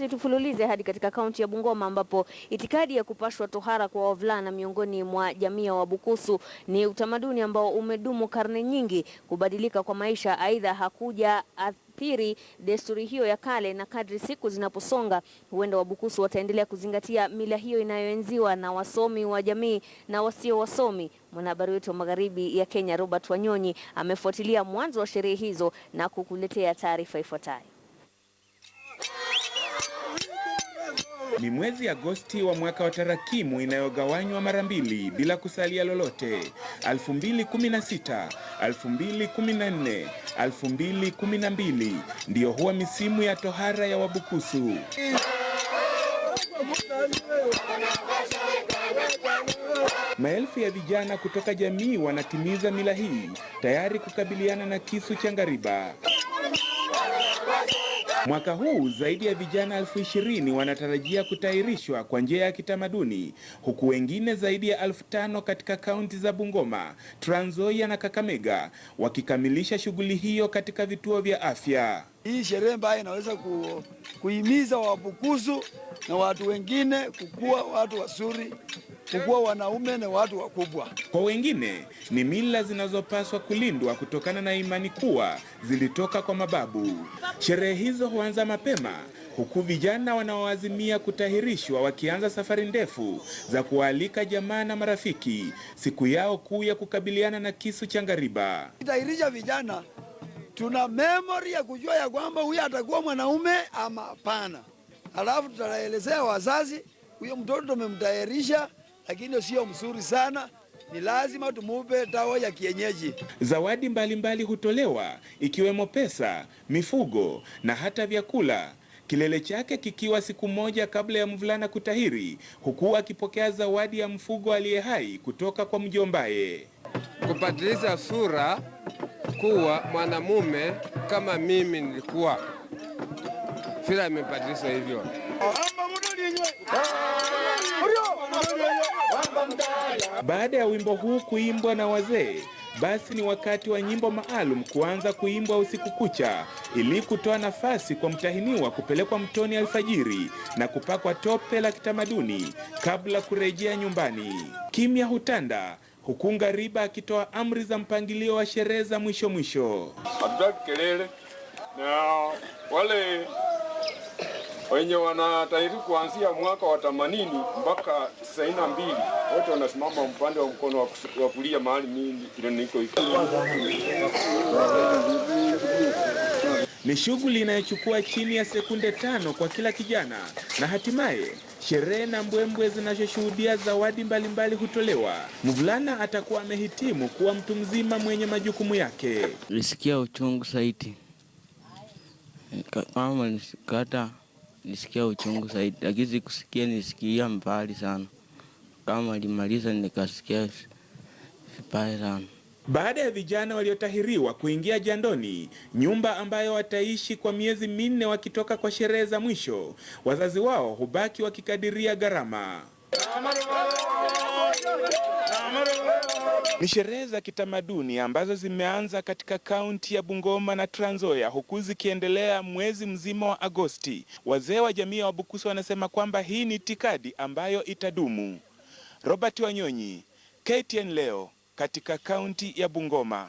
Chache tufululize hadi katika kaunti ya Bungoma ambapo itikadi ya kupashwa tohara kwa wavulana miongoni mwa jamii ya Wabukusu ni utamaduni ambao umedumu karne nyingi. Kubadilika kwa maisha aidha hakuja athiri desturi hiyo ya kale, na kadri siku zinaposonga, huenda Wabukusu wataendelea kuzingatia mila hiyo inayoenziwa na wasomi wa jamii na wasio wasomi. Mwanahabari wetu wa magharibi ya Kenya Robert Wanyonyi amefuatilia mwanzo wa sherehe hizo na kukuletea taarifa ifuatayo. Ni mwezi Agosti wa mwaka wa tarakimu inayogawanywa mara mbili bila kusalia lolote: 2016, 2014, 2012 ndiyo huwa misimu ya tohara ya Wabukusu. Maelfu ya vijana kutoka jamii wanatimiza mila hii tayari kukabiliana na kisu cha ngariba. Mwaka huu zaidi ya vijana elfu ishirini wanatarajia kutahirishwa kwa njia ya kitamaduni huku wengine zaidi ya elfu tano katika kaunti za Bungoma, Trans Nzoia na Kakamega wakikamilisha shughuli hiyo katika vituo vya afya. Hii sherehe mbaya inaweza ku, kuhimiza Wabukusu na watu wengine kukuwa watu wazuri kukuwa wanaume na watu wakubwa. Kwa wengine ni mila zinazopaswa kulindwa kutokana na imani kuwa zilitoka kwa mababu. Sherehe hizo huanza mapema huku vijana wanaoazimia kutahirishwa wakianza safari ndefu za kuwaalika jamaa na marafiki siku yao kuu ya kukabiliana na kisu cha ngariba. Kutahirisha vijana, tuna memori ya kujua ya kwamba huyu atakuwa mwanaume ama hapana, alafu tutaelezea wazazi, huyo mtoto tumemtayarisha lakini sio mzuri sana. Ni lazima tumupe dawa ya kienyeji. Zawadi mbalimbali mbali hutolewa ikiwemo pesa, mifugo na hata vyakula, kilele chake kikiwa siku moja kabla ya mvulana kutahiri, huku akipokea zawadi ya mfugo aliye hai kutoka kwa mjombaye, kubadiliza sura kuwa mwanamume kama mimi nilikuwa, vile amebadilisha hivyo Baada ya wimbo huu kuimbwa na wazee, basi ni wakati wa nyimbo maalum kuanza kuimbwa usiku kucha ili kutoa nafasi kwa mtahiniwa kupelekwa mtoni alfajiri na kupakwa tope la kitamaduni kabla kurejea nyumbani. Kimya hutanda huku ngariba akitoa amri za mpangilio wa sherehe za mwisho mwisho. Hatutaki kelele na wale wenye wanatahiri kuanzia mwaka wa themanini mpaka tisini na mbili wote wanasimama upande wa mkono wa kulia mahali mimi niko. Ni shughuli inayochukua chini ya sekunde tano kwa kila kijana, na hatimaye sherehe na mbwembwe zinazoshuhudia zawadi mbalimbali hutolewa. Mvulana atakuwa amehitimu kuwa mtu mzima mwenye majukumu yake. Nisikia uchungu saiti kama nisikata nisikia uchungu zaidi, lakini sikusikia, nisikia mbali sana, kama alimaliza nikasikia vibaya sana. Baada ya vijana waliotahiriwa kuingia jandoni, nyumba ambayo wataishi kwa miezi minne wakitoka kwa sherehe za mwisho, wazazi wao hubaki wakikadiria gharama. Ni sherehe za kitamaduni ambazo zimeanza katika kaunti ya Bungoma na Trans Nzoia huku zikiendelea mwezi mzima wa Agosti. Wazee wa jamii ya Wabukusu wanasema kwamba hii ni itikadi ambayo itadumu. Robert Wanyonyi, KTN leo katika kaunti ya Bungoma.